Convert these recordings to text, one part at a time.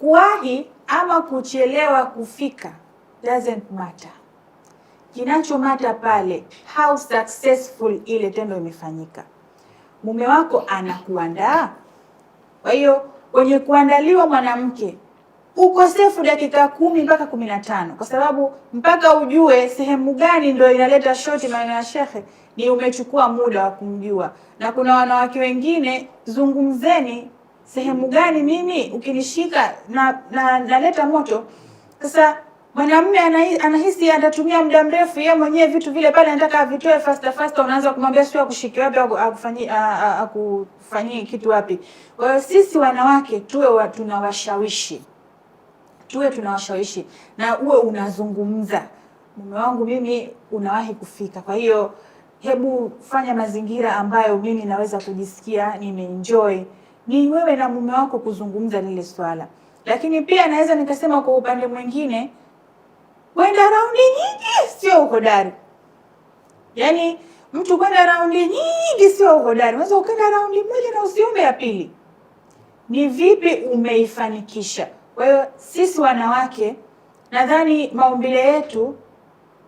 Kuwahi ama kuchelewa kufika doesn't matter. Kinachomata pale how successful ile tendo imefanyika. Mume wako anakuandaa. Kwa hiyo kwenye kuandaliwa mwanamke, ukosefu dakika kumi mpaka kumi na tano kwa sababu mpaka ujue sehemu gani ndio inaleta shoti. Maneno ya shekhe ni umechukua muda wa kumjua, na kuna wanawake wengine, zungumzeni sehemu gani mimi ukinishika na naleta moto. Sasa mwanamume anahisi atatumia muda mrefu yeye mwenyewe vitu vile pale, anataka avitoe faster faster, unaanza kumwambia sio akushike wapi au akufanyie akufanyie kitu wapi. Kwa hiyo sisi wanawake tuwe wa, tunawashawishi tuwe tunawashawishi na uwe unazungumza, mume wangu, mimi unawahi kufika, kwa hiyo hebu fanya mazingira ambayo mimi naweza kujisikia nimeenjoy ni wewe na mume wako kuzungumza lile swala, lakini pia naweza nikasema kwa upande mwingine, kwenda raundi nyingi sio uhodari. Yaani mtu kwenda raundi nyingi sio uhodari. Unaweza ukaenda raundi moja na usiombe ya pili. Ni vipi umeifanikisha? Kwa hiyo sisi wanawake nadhani maumbile yetu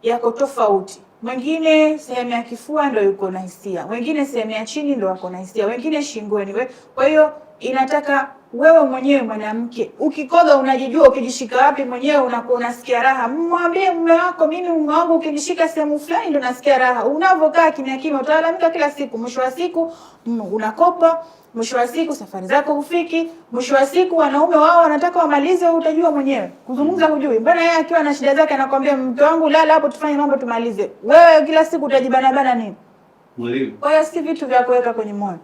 yako tofauti mwingine sehemu ya kifua ndo yuko na hisia, wengine sehemu ya chini ndo wako na hisia, wengine shingoni. Kwa hiyo inataka wewe mwenyewe mwanamke ukikoga unajijua, ukijishika wapi mwenyewe unakuwa unasikia raha. Mwambie mume wako, mimi mume wangu ukijishika sehemu fulani ndo nasikia raha. Unavyokaa kimya kimya utalalamika kila siku, mwisho wa siku mm, unakopa, mwisho wa siku safari zako hufiki, mwisho wa siku wanaume wao wanataka wamalize, wewe utajua mwenyewe kuzungumza hujui. Mbona yeye akiwa na shida zake anakwambia mke wangu lala hapo, tufanye mambo tumalize, wewe kila siku utajibanabana nini? Mwalimu. Kwa hiyo si vitu vya kuweka kwenye moyo.